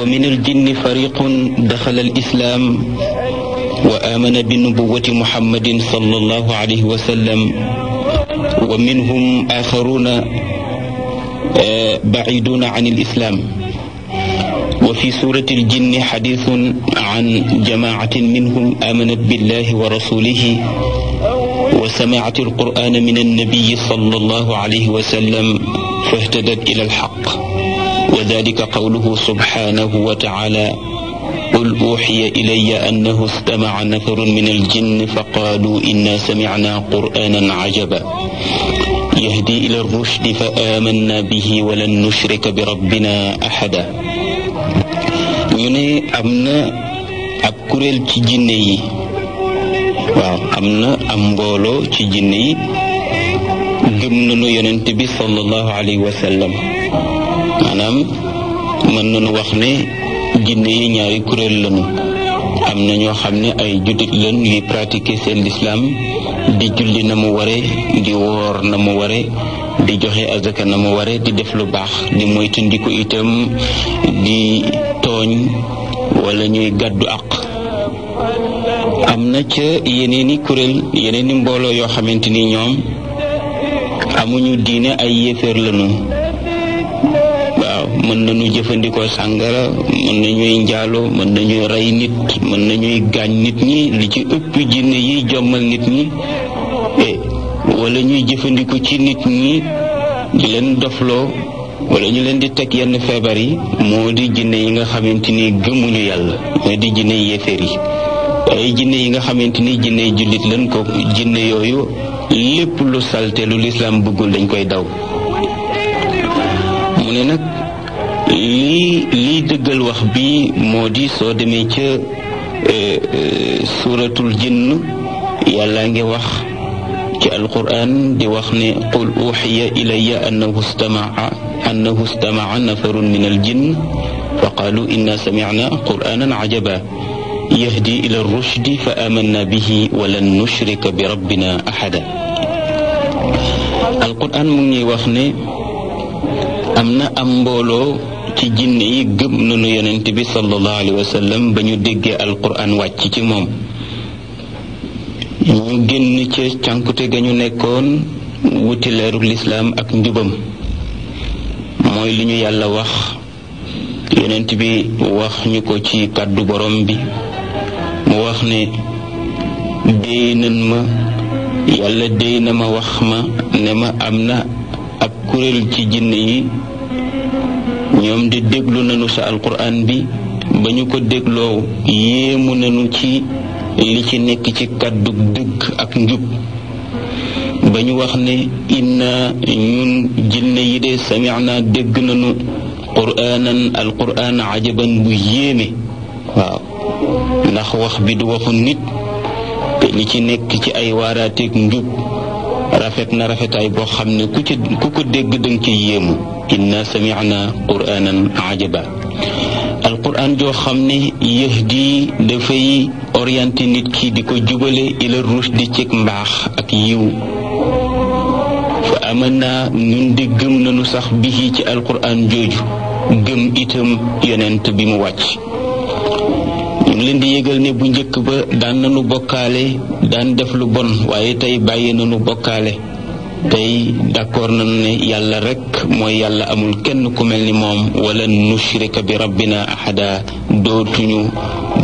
wa min aljinni fariqun daxala alislaam wa aamana bi nubuwati muhammadin sallallahu alayhi wa sallam wa minhum axaruna eh, baciduuna an alislaam wa fi suurati aljinni xadiisun an jamaacatin minhum aamanat billahi wa rasulihi wa samicat alqur'aana min annabiyi sallallahu alayhi wa sallam fahtadat ila alxaq wa dalika qawluhu subhanahu wa taala qul uxiya ilaya annahu istamaca nafarun min aljinn faqaaluu inna samicnaa qur'aanan cajaba yahdi ila rushdi fa aamannaa bihi walan nushrika bi rabbina axada ñu ne am na ab kuréel ci jinne yi waaw am na am mbooloo ci jinne yi gëm nañu yonent bi sallallahu alayhi wa sallam maanaam mën nañu wax ne jinne yi ñaari kuréel lañu am na ñoo xam ne ay juddit lan yuy pratiquer seen lislaam di julli na mu ware di woor na mu ware di joxe azaka na mu waree di def lu baax di moytandiku itam di tooñ wala ñuy gàddu àq am na ca yeneeni kuréel yeneeni mbooloo yoo xamante ni ñoom amuñu diine ay yéeféer lañu mën nañu jëfandikoo sàngara mën nañuy njaaloo mën nañu rey nit mën nañuy gaañ nit ñi li ci ëpp jinne yiy jommal nit ñi e, wala ñuy jëfandiku ci nit ñi di leen dofloo wala ñu leen di teg yenn feebar yi moo di jinne yi nga xamante ni gëmuñu yàlla moo di jinne yéeféer yi waaye jinne yi nga xamante ni jinne yi jullit lañ ko jinne yooyu lépp lu salte lu lislaam bëggul dañ koy daw mu ne nag lii liy dëggal wax bi moo di soo demee ca eh, eh, suratul jinn yàlla ngi wax ci alquran di wax ne qul uxiya ilayya annahu stamaa annahu stamaa nafarun min aljinn fa qaalu inna samicna qur'anan cajaba yahdi ila rushdi fa amanna bihi walan nushrika bi rabbina axada alquran mu ngi wax ne am na am mbooloo ci jinne yi gëm nanu yonent bi sallallahu alayhi wa ba ñu déggee alquran wàcc ci moom ñu génn ca cànkute ga ñu nekkoon wuti leerug lislaam ak njubam mooy li ñu yàlla wax yenent bi wax ñu ko ci kàddu borom bi mu wax ne déy ma yàlla déy na ma wax ma ne ma am na ak kuréel ci jinne yi ñoom de déglu nañu sa alquran bi ba ñu ko dégloo yéemu nañu ci li ci nekk ci kàddu dëgg ak njub ba ñu wax ne inna ñun jinne yi de sami'na dégg nañu quraanan alquraan ajaban bu yéene waaw ndax wax bi du waxu nit li ci nekk ci ay waaraateeg njub rafet na rafetaay boo xam ne ku ci ku ko dégg danga ci yéemu inna samicna qur'anan ajaba alquran joo xam ne yahdi dafay orienté nit ki di ko jubale ila di ci mbaax ak yiw fa amanna nun di gëm nañu sax bihi ci alquran jooju gëm itam yonent bi mu wàcc ñu leen di yëgal ne bu njëkk ba daan nañu bokkaale daan def lu bon waaye tey bàyyi nañu bokkaale tey d'accord nañu ne yàlla rek mooy yàlla amul kenn ku mel ni moom wala nushrika bi rabbina ahada dootuñu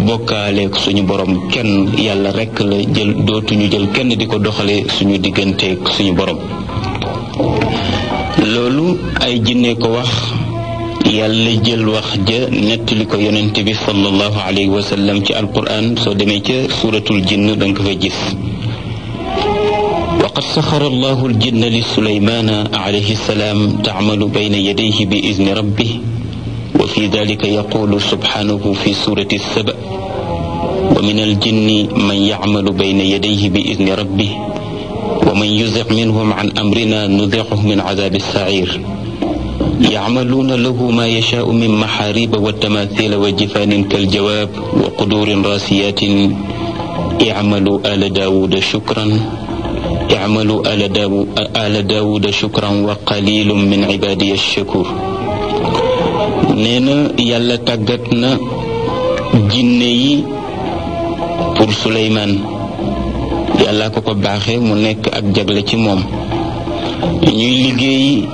bokkaaleek suñu borom kenn yàlla rek la jël dootuñu jël kenn di ko doxale suñu digganteek suñu borom loolu ay jinne ko wax yàlla jël wax ja nettali ko yonente bi sallallahu alayhi wa sallam ci alquran soo demee ca suuratul jinn danga ko fa gis waqad saxara allahu aljinna li suleymaana alayhi salaam tacmalu bayna yadayhi bi idni rabbih wa fi dalika yaqulu subxaanahu fi suurati saba wa min aljinni man yacmalu bayna yadayhi bi idni rabbih wa man yuzic minhum can amrina nudichu min cadaabi saciir يعملون له ما يشاء من محاريب والتماثيل وجفان كالجواب وقدور راسيات اعملوا آل داود شكرا icmalu ala daawuda shukran wa qalilum min ibadiya shakur nee na yàlla tàggat na jinne yi pour Suleymaan yàlla ko ko baaxe mu nekk ak jagle ci moom ñuy liggéey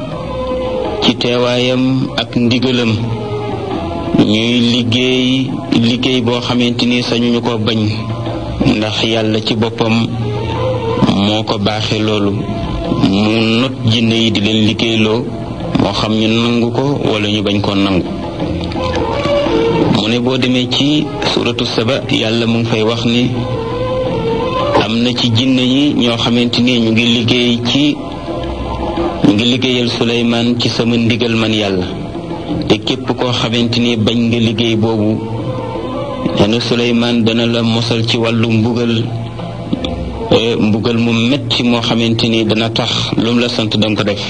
ci teewaayam ak ndigalam ñuy liggéey liggéey boo xamante ni sañuñu ko bañ ndax yàlla ci boppam moo ko baaxee loolu mu not jinne yi di leen liggéeyloo moo xam ñu nangu ko walla ñu bañ koo nangu mu ne boo demee ci suratu saba yàlla mu ngi fay wax ni am na ci jinne yi ñoo xamante ni ñu ngi liggéey ci ñu ngi liggéeyal Suleymaan ci sama ndigal man yàlla te képp koo xamante ni bañ nga liggéey boobu nee na Suleymaan dana la mosal ci wàllu mbugal mbugal mu metti moo xamante ni dana tax lu la sant danga ko def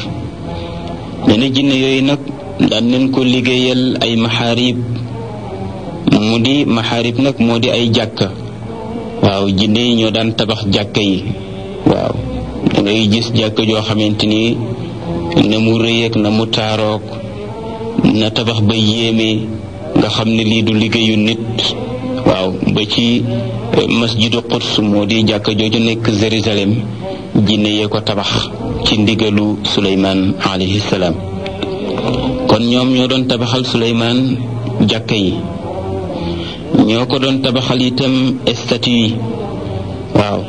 nee jinne yooyu nag daan nañ ko liggéeyal ay maxarib mu di maxarib nag moo di ay jàkk waaw jinne yi ñoo daan tabax jàkk yi waaw dangay gis jàkk joo xamante ni na mu rëyeeg na mu taarook na tabax ba yéeme nga xam ne lii du liggéeyu nit waaw ba ci eh, masjidu Quds moo di jàkka jooju nekk Jérusalem jinne yee ko tabax ci ndigalu Suleymaan alayhi salaam kon ñoom ñoo doon tabaxal Suleymaan jàkk yi ñoo ko doon tabaxal itam statue yi waaw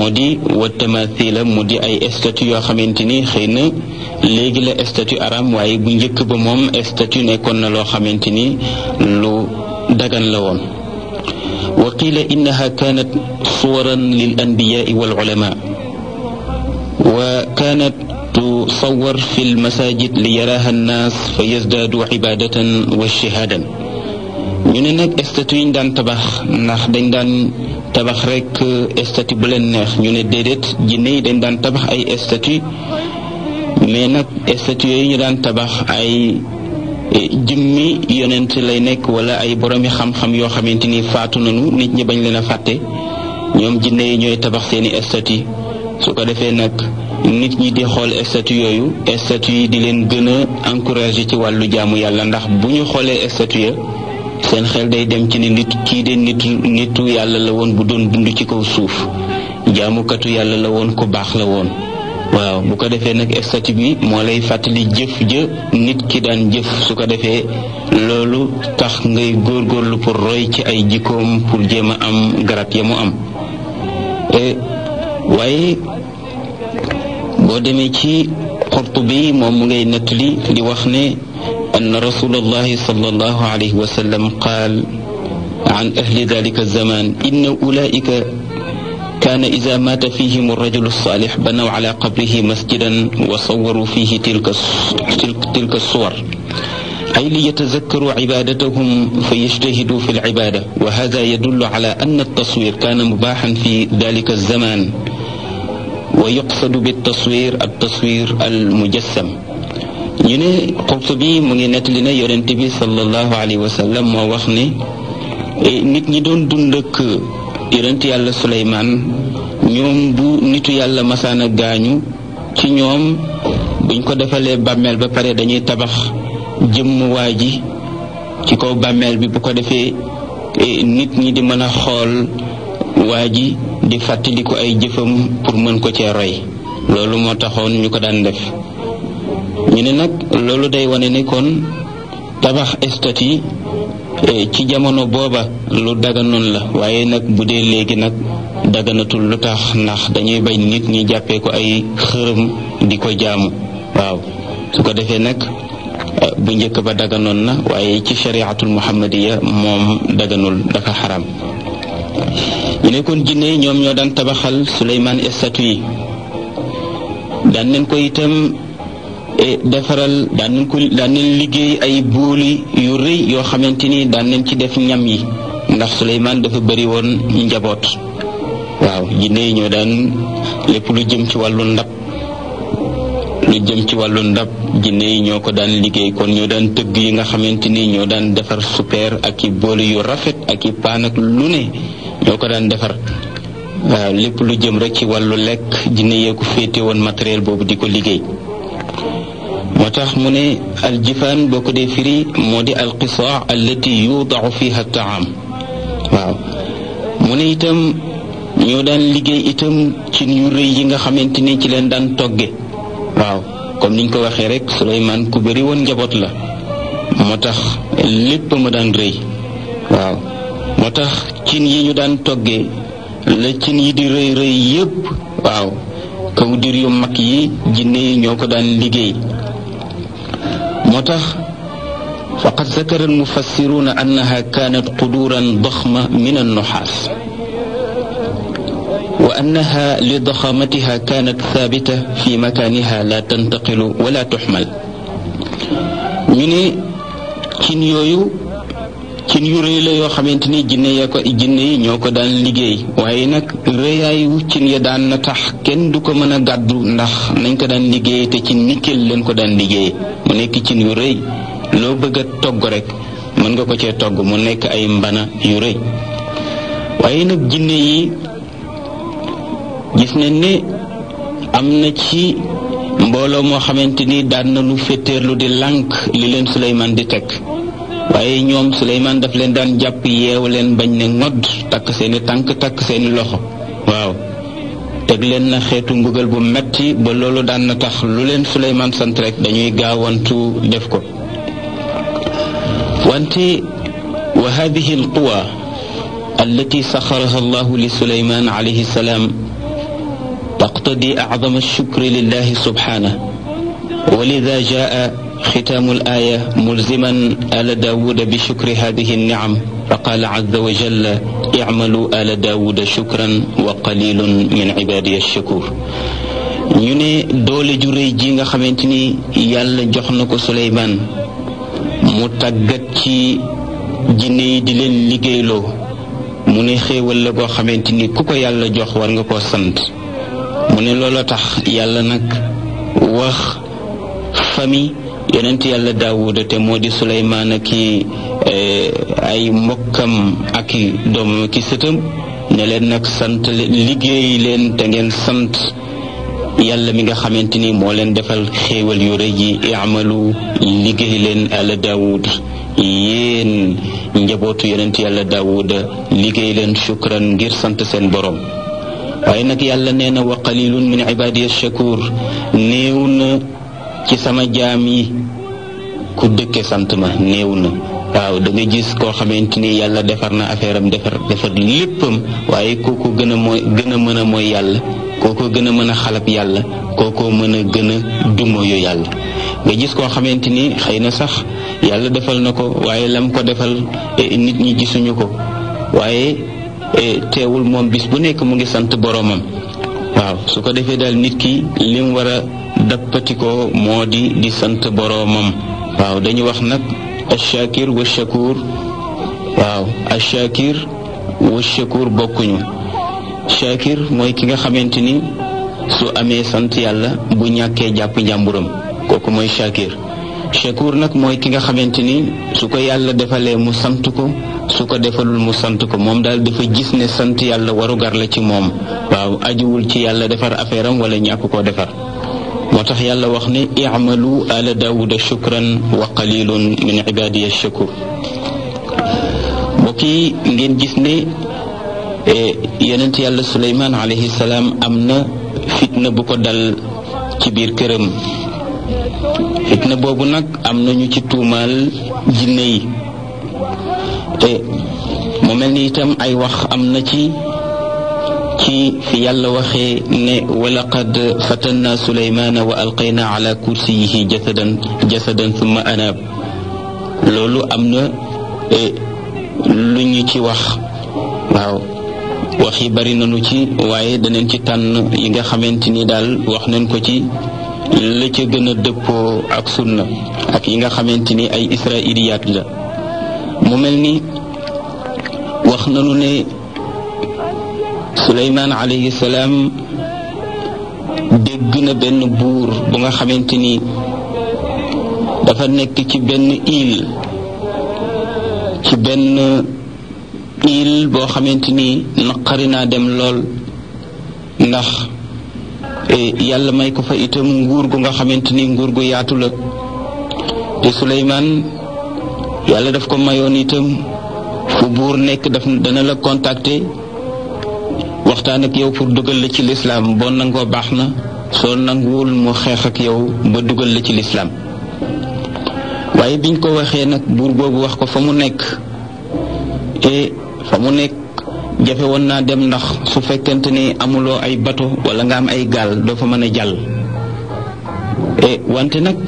moo di wa tamathila mu di ay statue yoo xamante ni xëy na léegi la statue aram waaye bu njëkk ba moom statue nekkoon na loo xamante ni lu dagan la woon wa qiila innaha kaanat suwaran lil anbiyaai wal ulamaa wa kaanat tusawwar fi lmasajid li yaraaha nnaas fa yazdaadu ibaadatan wa shahaadan ñu ne nag statue yi ñu daan tabax ndax dañ daan tabax rek statue bu leen neex ñu ne déedéet jinne yi dañ daan tabax ay statue mais nag statue yooyu ñu daan tabax ay Eh, jëmmi yonent lay nekk wala ay boroomi xam-xam yoo xamante ni faatu nañu nit ñi bañ leen a fàtte ñoom jinne yi ñooy tabax seeni statue su ko defee nag nit ñi di xool statue yooyu statue yi di leen gën a encouragé ci wàllu jaamu yàlla ndax bu ñu xoolee statue ya seen xel day dem ci ne nit kii de nit nitu yàlla la woon bu doon dund ci kaw suuf jaamukatu yàlla la woon ku baax la woon waaw bu ko defee nag statut bi moo lay fàttali jëf jë nit ki daan jëf su ko defee loolu tax ngay góorgóorlu pour roy ci ay jikkoom pour jéem a am garat ya mu am e, waaye boo demee ci bi moom mu ngay nettali di wax ne an rasulallahi sallallahu alayhi wa qaal an ahli dalika zaman inna ulaika kaana ida maata fihim rajulu saalix banaw ala qabrihi masjidan wa sawaru fihi tilka tilka suwar ay li yatazakkaru cibadatahum fa yajtahidu fi lcibada wa hada yadullu ala anna altaswir kaana mubaaxan fi dalika alzamaan wa yuqsadu biltaswir altaswir almujassam ñu ne Qurtubi mu ngi nettali ne yonent bi sallallahu alayhi wa sallam moo wax ne eh, nit ñi doon dund ak yonent yàlla Suleymaan ñoom bu nitu yàlla masaana gaañu ci ñoom buñ ko defalee bàmmeel ba pare dañuy tabax jëmm waa ji ci kaw bàmmeel bi bu ko defee e, nit ñi di mën a xool waa ji di fàttaliku ay jëfam pour mën ko cee roy loolu moo taxoon ñu ko daan def ñu ne nag loolu day wane ne kon tabax statue Eh, ci jamono booba lu daganoon la waaye nag bu dee léegi nag daganatul lu tax ndax dañuy bay nit ñi jàppee ko ay xërëm di ko jaamu waaw su ko defee nag eh, bu njëkk ba daganoon na waaye ci chariatul muhammadiya moom daganul dafa xaram ñu nekkoon jinne ñoom ñoo daan tabaxal suleymaan estatu yi daan leen ko itam E defaral daan liggéey ay booli yu rëy yoo xamante ni daan ci def ñam yi ndax Souleymane dafa bari woon njaboot waaw jinne yi ñoo daan lépp lu jëm ci wàllu ndab lu jëm ci wàllu ndab jinne yi ñoo ko daan liggéey kon ñoo daan tëgg yi nga xamante ni ñoo daan defar super ak i booli yu rafet ak i paan lu ne ñoo ko daan defar waaw lépp lu jëm rek ci wàllu lekk jinne yee ko féete woon matériel boobu di ko liggéey moo tax mu ne aljifaan boo ko dee firi moo di alqisaa allati yudaxu fiha taam waaw mu ne itam ñoo daan liggéey itam cin yu rëy yi nga xamante ni ci leen daan togge waaw comme niñ ko waxee rek Suleymaan ku bëri woon njaboot la moo tax lépp ma daan rëy waaw moo tax cin yi ñu daan toggee la cin yi di rëy rëy yépp waaw kaw dir yu mag yi jinne yi ñoo ko daan liggéey moo tax faqad zakara almufassiruuna annaha kaanat quduuran daxma min annuxaas wa annaha li daxamatiha kaanat thaabita fi makaaniha la tantaqilu wala tuxmal ñu ne cin yooyu cin yu rëy la yoo xamante ni jinne ya ko jinne yi ñoo ko daan liggéey waaye nag rëyaayu cin ya daan na tax kenn du ko mën a gàddu ndax nañ ko daan liggéey te ci nickel lañ ko daan liggéey mu nekk cin yu rëy loo bëgg togg rek mën nga ko cee togg mu nekk ay mbana yu rëy waaye nag jinne yi gis nañ ni am na ci mbooloo moo xamante ni daan na lu féeteerlu di lank li leen Suleymaan di teg waaye ñoom Souleymane daf leen daan jàpp yeew leen bañ ne ngodd takk seen tànk takk seeni loxo waaw teg leen na xeetu mbugal bu metti ba loolu daan na tax lu leen Souleymane sant rek dañuy gaawantu def ko wante wa hadihi alquwa allati saxaraha allahu li Souleymane alayhi salaam taqtadi acdama alshukri lillahi subhanahu wa lida jaa ختام الآية ملزما آل داود بشكر هذه النعم فقال عز وجل اعملوا آل داود شكرا وقليل من عبادي الشكور ñu ne doole ju rëy ji nga xamante ni yàlla jox na ko Suleymaan mu tàggat ci jinne yi di leen liggéeyloo mu ne xéewal la koo xamante ni ku ko yàlla jox war nga ko sant mu ne looloo tax yàlla nag wax famille yonent yàlla daawuda te moo di suleymaan ki eh, ay mbokkam ak doomam ki sëtam ne leen nag sant liggéey leen te ngeen sant yàlla mi nga xamante ni moo leen defal xéewal yu rëy amalu liggéey leen àla daawud yéen njabootu yonent yàlla daawuda liggéey leen shukran ngir sant seen borom waaye nag yàlla nee wa qalilun min ibadiya shakur néew ci sama jaam yi ku dëkke sant ma néew na waaw da gis koo xamante ni yàlla defar na affaire defar defar léppam waaye kooku gën a mooy gën a mën a mooy yàlla koo gën a mën a xalab yàlla koo mën a gën a dumoyu yàlla nga gis koo xamante ni xëy na sax yàlla defal na ko waaye lam ko defal e, nit ñi gisuñu ko waaye e, teewul moom bis bu nekk mu ngi sant boroomam waaw su ko defee daal nit ki lim war dappatikoo moo di di sant boroomam waaw dañu wax nag ashakir wa shakur waaw ashakir wa shakur bokkuñu shakir mooy ki nga xamante ni su amee sant yàlla bu ñàkkee jàpp njàmburam kooku mooy shakir shakur nag mooy ki nga xamante ni su ko yàlla defalee mu sant ko su ko defalul mu sant ko moom daal dafa gis ne sant yàlla warugar la ci moom waaw ajuwul ci yàlla defar affaire am wala ñàkk koo defar moo tax yàlla wax ne i'malu ala daawuda shukran wa qalilun min ibadiya shakur mbokk yi ngeen gis ne e, yonent yàlla suleymaan alayhi salaam am na fitna bu ko dal ci biir këram fitna boobu nag am na ñu ci tuumaal jinne yi mu mel ni itam ay wax am na ci ci fi yàlla waxee ne walaqad fatanna suleymaana wa alqayna ala kursiyihi jasadan jasadan summa anaab loolu am na e, lu ñu ci wax waaw wax yi bari nañu ci waaye danañ ci tànn yi nga xamante ni daal wax nañ ko ci la ca gën a dëppoo ak sunna ak yi nga xamante ni ay israiliyaat la mu mel ni wax nañu ne suleymaan alayhi salaam dégg na benn buur bu nga xamante ni dafa nekk ci benn île ci benn île boo xamante ni naqari naa dem lool ndax eh, yàlla may ko fa itam nguur gu nga xamante ni nguur gu yaatula la te Souleymane yàlla daf ko mayoon itam fu buur nekk daf dana la contacter waxtaan ak yow pour dugal la ci lislaam boo nangoo baax na soo nanguwul mu xeex ak yow ba dugal la ci lislaam waaye biñ ko waxee nag buur boobu wax ko fa mu nekk e fa mu nekk jafe woon naa dem ndax su fekkente ni amuloo ay bato wala nga am ay gaal doo fa mën a jàll e wante nag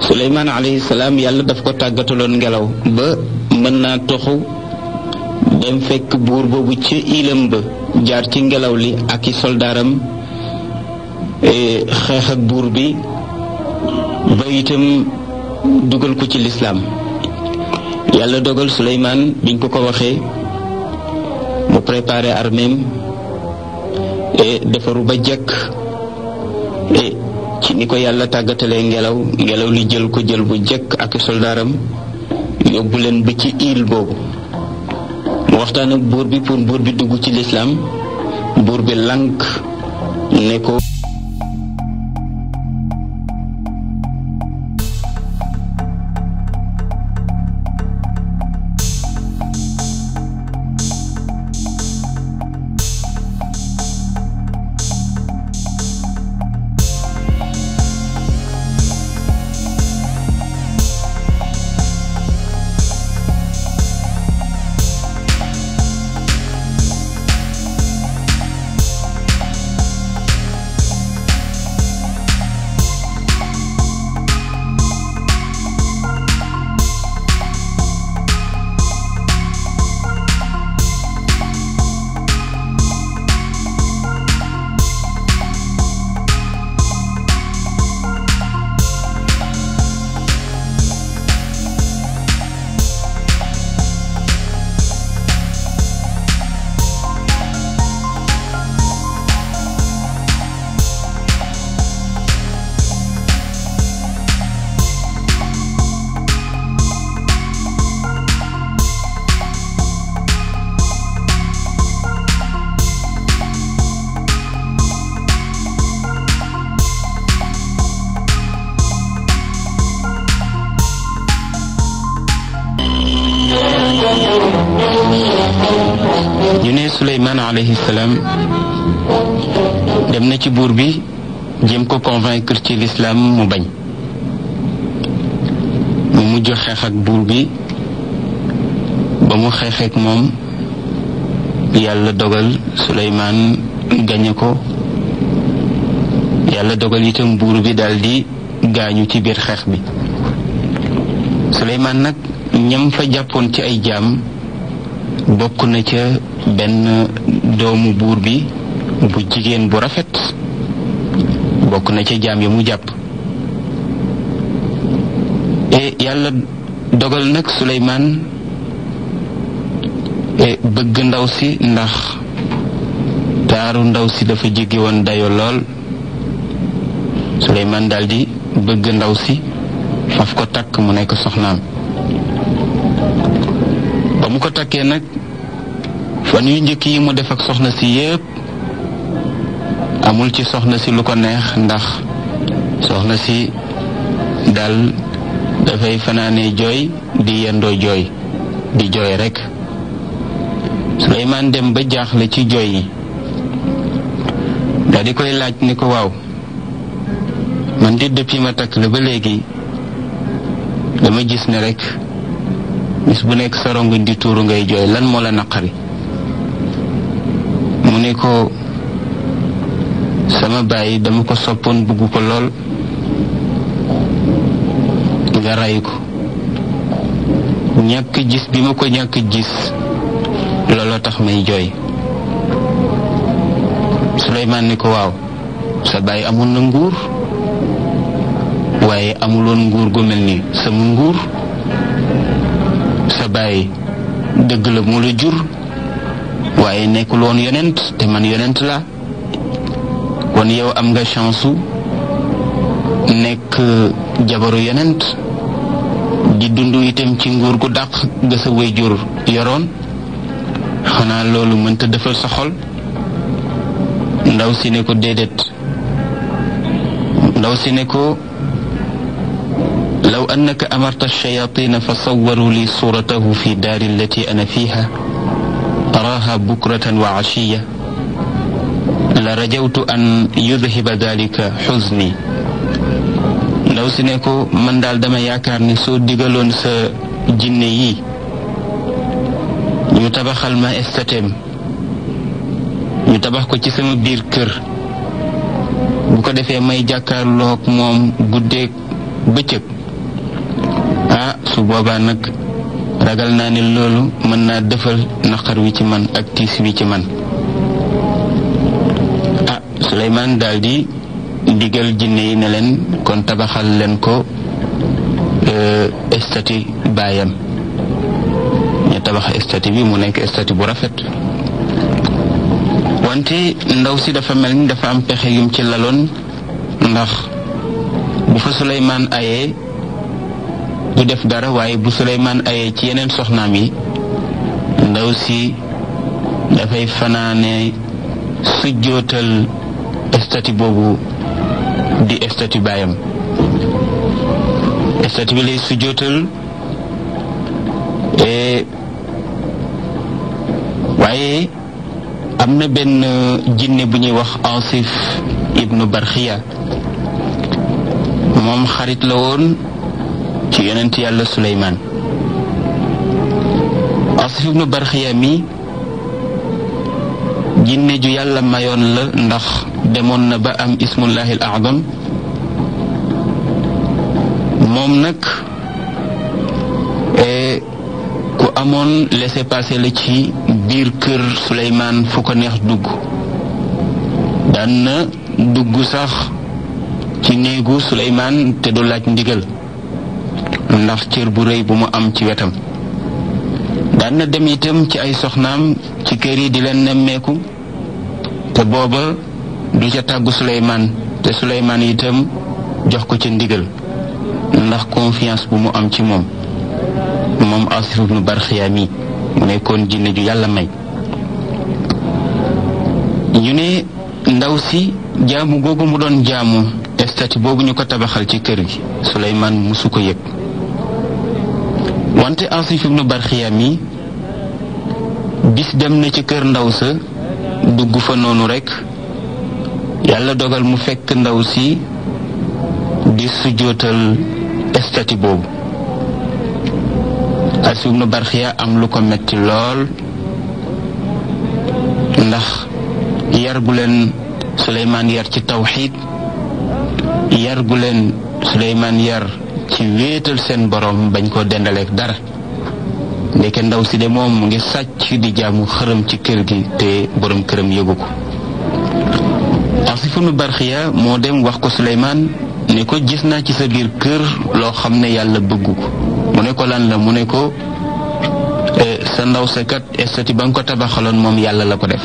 suleymaan alayhi salaam yàlla daf ko tàggataloon ngelaw ba mën naa toxu dem fekk buur boobu ci ilam ba jaar ci ngelaw li ak i soldaaram e, xeex buur bi ba dugal ko ci lislaam yàlla dogal Suleymaan biñ ko ko waxee mu préparé arméem e, defaru ba jëkk e, ci ni ko yàlla tàggatalee ngelaw ngelaw li jël ko jël bu jëkk ak soldaaram yóbbu leen ba ci île boobu waxtaan ak buur bi pour buur bi dugg ci lislaam buur bi lànk ne ko Souleymane alayhi salaam dem na ci buur bi jéem ko convaincre ci lislaam mu bañ mu mujj xeex ak buur bi ba mu xeexeek moom yàlla dogal Souleymane gañe ko yàlla dogal itam buur bi daldi gaañu ci biir xeex bi Souleymane nag ñam fa jàppoon ci ay jaam bokk na ca benn doomu buur bi bu jigéen bu rafet bokk na ca jaam yi mu jàpp e yàlla dogal nag Suleymaan e bëgg ndaw si ndax taaru ndaw si dafa jéggi woon dayo lool Suleymaan daldi bëgg ndaw si faf ko takk mu nekk soxnaam ba mu ko takkee nag fan yu njëkk yi mu def ak soxna si yépp amul ci soxna si lu ko neex ndax soxna si daal dafay fanaane jooy di yendoo jooy di jooy rekk Suleymaan dem ba jaaxle ci jooy yi daal di koy laaj ni ko waaw man di depuis ma takk la ba léegi dama gis ne rekk bis bu nekk sa rongoñ di tuuru ngay jooy lan moo la naqari mu ne ko sama bàyyi dama ko soppoon bugg ko lool nga ray ko ñàkk gis bi ma ko ñàkk gis looloo tax may jooy Suleymaan ni ko waaw sa bàyyi amoon na nguur waaye amuloon nguur gu mel ni sama nguur sa bàyyi dëgg la moo la jur waaye nekkul loon yonent te man yonent la kon yow am nga chance nekk jabaru yonent di dund itam ci nguur gu dàq ga sa yoroon xanaa loolu mënta defal sa xol ndaw si ne ko déedéet ndaw si ne ko law annaka amarta ash-shayatina fa sawwaru li suratahu fi daari allati ana fiha araaha bukratan wa ashiya la rajawtu an yudhiba dalika si ne ko man daal dama yaakaar ni soo digaloon sa jinne yi ñu tabaxal ma estatem ñu tabax ko ci sama biir kër bu ko defee may jàkkaarloog moom guddeeg bëccëg ah su boobaa nag ragal naa ne loolu mën naa dëfal naqar wi ci man ak tiis wi ci man ah Suleymaan daldi digal jinne yi ne leen kon tabaxal leen ko estati eh, baayam ñu tabax estati bi mu nekk estati bu rafet wante ndaw si dafa mel ni dafa am pexe yum ci laloon ndax bu fa Suleymaan ayee du def dara waaye bu Suleymaan ayee ci yeneen soxnaam yi ndaw si dafay fanaane sujjootal estati boobu di estati baayam estati bi lay sujjootal waaye am na benn jinne bu ñuy wax Asif ibnu Barxiya moom xarit la woon ci yonent yàlla suleymaan asif ibnu barxiya mi jinne ju yàlla mayoon la ndax demoon na ba am ismullahi al moom nag eh, ku amoon laissez-passer la ci biir kër Suleymaan fu ko neex dugg daan na dugg sax ci néegu Suleymaan te du laaj ndigal ndax cër bu rëy bu mu am ci wetam daan na dem itam ci ay soxnaam ci kër yi di leen nemmeeku te booba du ca tàggu Suleymaan te Suleymaan itam jox ko ca ndigal ndax confiance bu mu am ci moom moom Asif ibnu Barxiya yi mu nekkoon jinne ju yàlla may ñu ne ndaw si jaamu googu mu doon jaamu estati boobu ñu ko tabaxal ci kër gi Suleymaan musu ko yëg wante Asif nu Barxiyaam yi bis dem na ci kër ndaw sa dugg fa noonu rekk yàlla dogal mu fekk ndaw si di sujjóotal estati boobu Asif ibnu Barxiya am lu ko metti lool ndax yar gu leen Suleymaan yar ci tawxiid yar gu leen Suleymaan yar ci wéetal seen borom bañ koo dendaleek dara ndeke ndaw si de moom mu ngi sàcc di jaamu xërëm ci kër gi te borom këram yëgu ko asifunu barxiya moo dem wax ko Suleymaan ni ko gis naa ci sa biir kër loo xam ne yàlla bëggu ko mu ne ko lan la mu ne ko eh, sa ndaw sa kat estati ba nga ko tabaxaloon moom yàlla la ko def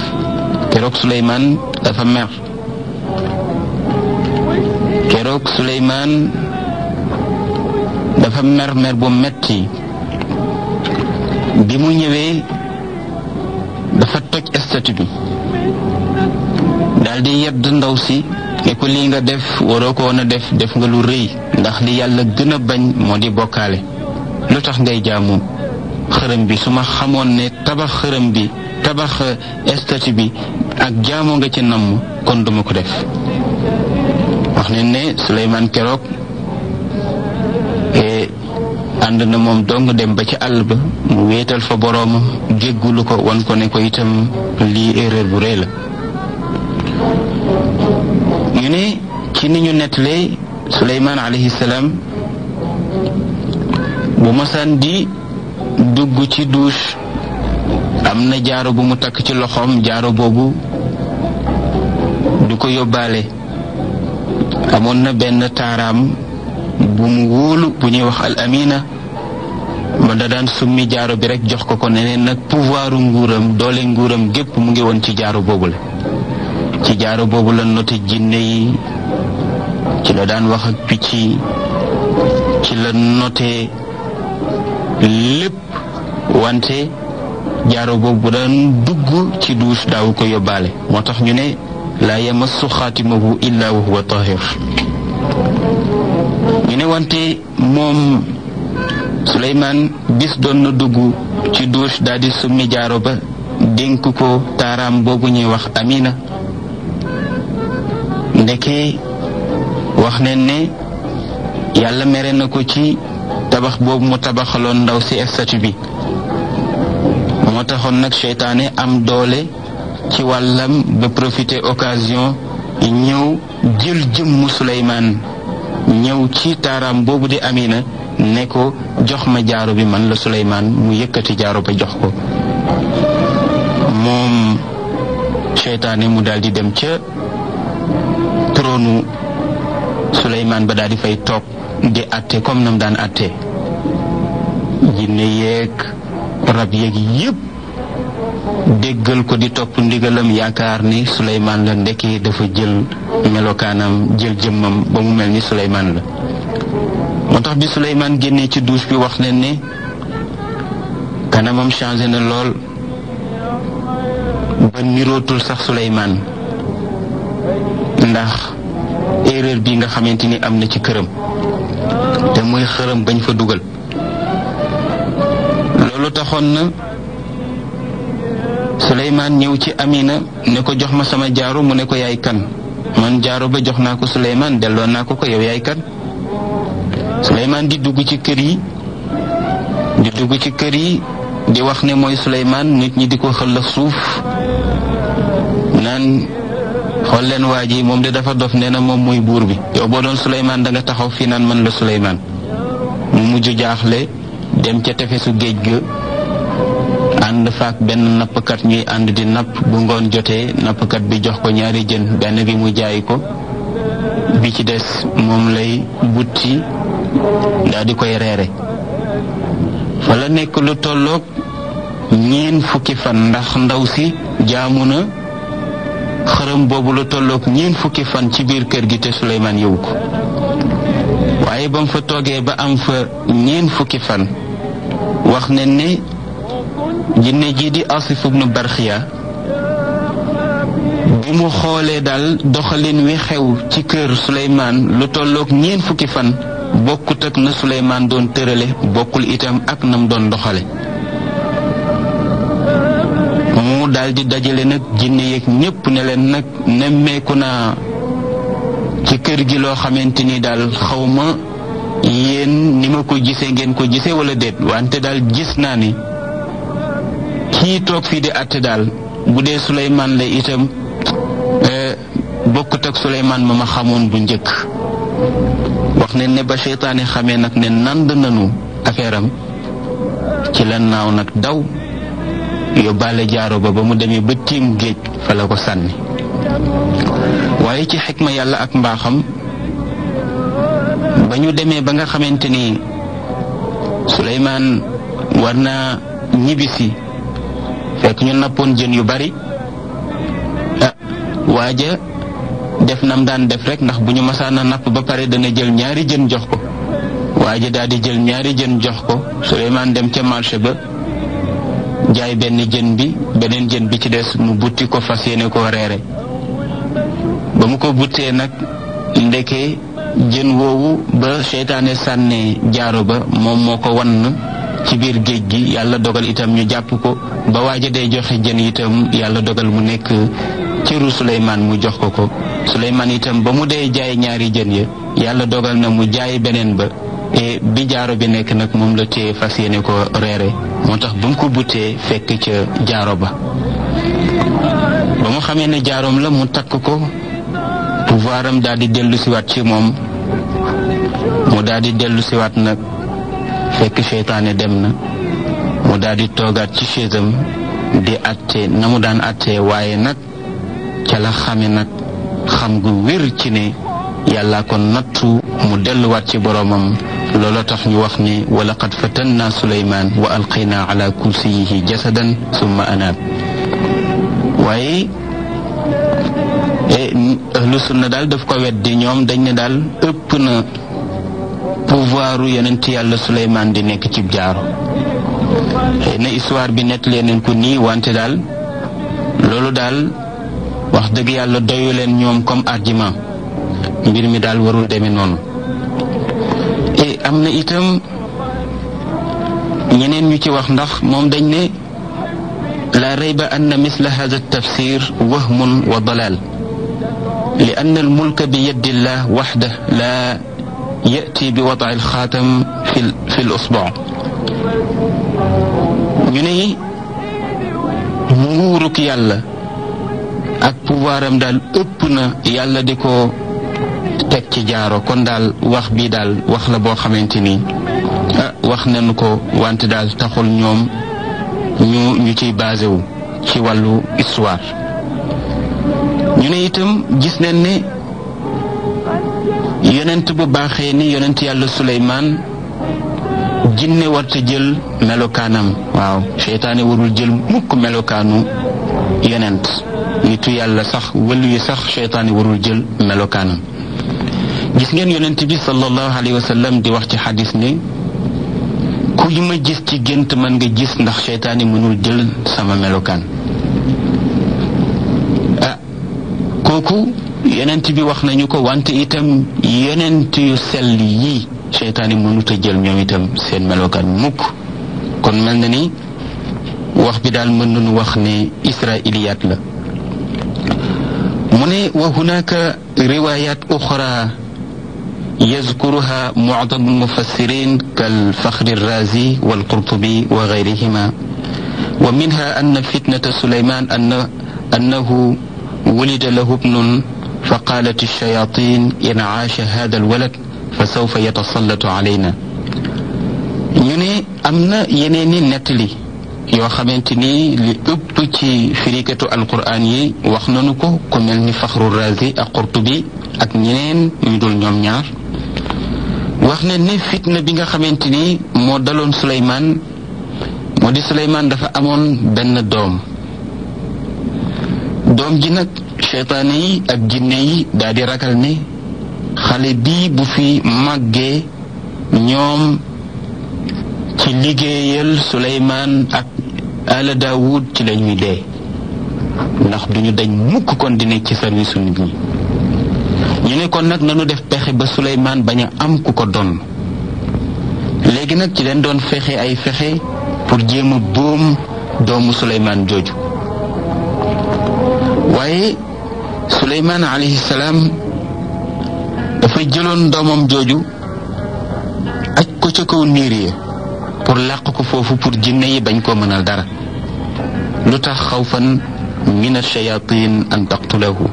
keroog Suleymaan dafa mer keroog Suleymaan dafa mer mer bu metti bi mu ñëwee dafa toj stati bi daldi yedd ndaw si ne ko lii nga def waroo ko woon def def nga lu rëy ndax li yàlla gëna a bañ moo di bokkaale lu tax ngay jaamu xërëm bi su ma xamoon ne tabax xërëm bi tabax eh, statut bi ak jaamoo nga ci namm kon duma ko def wax ne ne Souleymane Keroog ànd na moom dong dem ba ci àll ba mu wéetal fa boroomam jéggulu ko wan ko ne ko itam lii erreur bu rëy la ñu ne ci ni ñu nettalee Suleymaan alayhi salaam bu masaan di dugg ci duus am na jaaro bu mu takk ci loxoom jaaro boobu du ko yóbbaale amoon na benn taaraam bu mu wóolu bu ñuy wax al amina ma da daan summi jaaro bi rekk jox ko ko ne neen nag pouvoiru nguuram doole nguuram gépp mu ngi woon ci jaaro boobu la ci jaaro boobu la noti jinne yi ci la daan wax ak picc ci la notee lépp wante jaaro boobu bu daan dugg ci duus daawu ko yóbbaale moo tax ñu ne laa yamassu xaatimahu illa wa huwa ñu ne wante moom Souleymane bis doon na dugg ci douche daal di summi jaaro ba dénk ko taaraam boobu ñuy wax Amina ndeke wax ne ne yàlla mere na ko ci tabax boobu mu tabaxaloon ndaw si statue bi moo taxoon nag seytaane am doole ci wàllam ba profiter occasion ñëw jël jëmmu Souleymane ñëw ci taaraam boobu di Amina ne ko jox ma jaaro bi man la Suleymaan mu yëkkati jaaro ba jox ko moom seytaane mu daal di dem ca trônu Suleymaan ba daal di fay toog di àtte comme nam daan àtte jinne yeeg rab yeeg yépp déggal ko di topp ndigalam yaakaar ni Souleymane la ndekki dafa jël melokaanam jël jëmmam ba mu mel ni Souleymane la moo tax bi Souleymane génnee ci duus bi wax leen ne kanamam changé na lool ba nirootul sax Souleymane ndax erreur bi nga xamante ni am na ci këram te muy xërëm bañ fa dugal loolu taxoon na Souleymane ñëw ci Amina ne ko jox ma sama jaaro mu ne ko yaay kan man jaaro ba jox naa ko Souleymane delloon naa ko ko yow yaay kan Souleymane di dugg ci kër yi di dugg ci kër yi di wax ne mooy Souleymane nit ñi di ko xëllëf suuf naan xool leen waa ji moom de dafa dof nee na moom mooy buur bi yow boo doon Souleymane da taxaw fii naan man la Souleymane mu mujj jaaxle dem ca tefesu géej ga ànd faak benn nappkat ñuy ànd di napp bu ngoon jotee nappkat bi jox ko ñaari jën benn bi mu jaay ko bi ci des moom lay butti daal di koy reere fa la nekk lu tollook ñeen fukki fan ndax ndaw si jaamu na xërëm boobu lu tollook ñeen fukki fan ci biir kër gi te Suleymaan yow ko waaye ba fa toogee ba am fa ñeen fukki fan wax ne ne jinne jii di asif ibnu barxiya bi mu xoolee daal doxalin wi xew ci kër suleymaan lu tolloog ñeent fukki fan bokkut ak na suleymaan doon tërale bokkul itam ak na mu doon doxale mu daldi dajale nag jinne yeeg ñépp ne leen nag nemmeeku naa ci kër gi loo xamante ni daal xawma ma ni ma ko gisee ngeen ko gisee wala déet wante daal gis naa ni kii toog fii di àtte daal bu dee Souleymane la itam eh, bokk ak Souleymane ma ma xamoon bu njëkk wax ne ne ba seytaane xamee nag ne nand nanu affaire am ci la naaw nag daw yóbbaale jaaro ba ba mu demee ba tiim géej fa la ko sànni waaye ci ma yàlla ak mbaaxam ba ñu demee ba nga xamante ni Souleymane war naa ñibbisi fekk ñu nappoon jën yu bari ah, waaja def nam daan def rek ndax bu ñu masaan a napp ba pare dana jël ñaari jën jox ko waaja daal jël ñaari jën jox ko Souleymane dem ca marché ba jaay benn jën bi beneen jën bi ci des mu butti ko fas yéene ko reere ba mu ko buttee nag ndeke jën woowu ba seytaane sànnee jaaro ba moom moo ko wann ci biir géej gi yàlla dogal itam ñu jàpp ko ba waaja day joxe jën itam yàlla dogal mu nekk ci cëru Souleymane mu jox ko ko Souleymane itam ba mu dee jaay ñaari jën ya yàlla dogal na mu jaay beneen ba e bi jaaro bi nekk nag moom la téye fas yéene ko reere moo tax ba mu ko buttee fekk ca jaaro ba ba mu xamee ne jaaroom la mu takk ko pouvoiram daal di dellu siwaat ci moom mu daal di dellu siwaat nag fekk seytaane dem na mu daal di toogaat ci chaisam di àtte na mu daan àtte waaye nag ca la xame nag xam gu wér ci ne yàlla ko nattu mu delluwaat ci boroomam loola tax ñu wax ne wa laqad na suleymaan wa alqaynaa ala kursiyihi jasadan summa anaab waaye eh, ahlu sunna daal daf ko weddi ñoom dañ ne daal ëpp na pouvoiru yonent yàlla Suleymaan di nekk cib jaaro xëy na histoire bi nett leen ko nii wante daal loolu daal wax dëgg yàlla doyu leen ñoom comme argument mbir mi daal warul deme noonu et am na itam ñeneen ñu ci wax ndax moom dañ ne la rayba anna misla hada tafsir wahmun wa dalal li anna al mulka bi yadillah waxda la yati bi wadaci alxaatam fi fi l ñu ne nguuruk yàlla ak pouvoiram daal ëpp na yàlla di ko teg ci jaaro kon daal wax bii daal wax la boo xamante ni ah, wax nañu ko want daal taxul ñoom ñu ci baasewu ci wàllu histoire ñu ne itam gis nañ ne yonent bu baaxee ni yonent yàlla Suleymaan jinne warta jël melokaanam waaw seytaane warul jël mukk melokaanu yonent nitu yàlla sax wëlu yi sax seytaane warul jël melokaanam gis ngeen yonent bi sallallahu alayhi wa sallam di wax ci xadis ne ku ma gis ci gént mën nga gis ndax seytaane mënul jël sama melokaan kooku yonent bi wax nañu ko wante itam yonent yu sell yii seytaane mënut a jël ñoom itam seen melokaan mukk kon mel na ni wax bi daal mën nañu wax ne israiliyaat la mu ne wa hunaka riwayat oxra yazkuruha mucdam mufassirin kalfaxri razi walqurtubi wa gayrihima wa minha anna fitnata suleyman annahu wulida lahu ibnun fa qaalat ash-shayaatin in aasha haada al-walad fa sawfa yatasallatu alayna ñu ne am na yeneeni nettali yoo xamante ni li ëpp ci firikatu alquran yi wax nañu ko ku mel ni faxru razi ak qurtubi ak ñeneen ñu dul ñoom ñaar wax na ne fitna bi nga xamante ni moo daloon suleymaan moo di suleymaan dafa amoon benn doom doom ji nag seytaane yi ak jinne yi daal di ragal ne xale bii bu fi màggee ñoom ci liggéeyal Suleymaan ak ala Daawud ci la ñuy dee ndax duñu dañ mukk kon di nekk ci service nit ñi ñu ne kon nag nanu def pexe ba Suleymaan bañ a am ku ko donn léegi nag ci leen doon fexe ay fexe pour jéem a boom doomu Suleymaan jooju waaye suleymaan alayhi salaam dafa jëloon doomam jooju aj ko ca kaw niir yi pour làq ko foofu pour jinne yi bañ koo mënal dara lu tax xaw min ash-shayatin an taqtulahu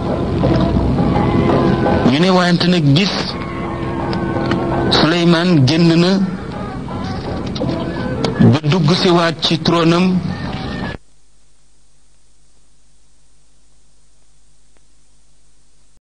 ñu ne waayante nag gis suleymaan génn na ba dugg si waat ci tróonam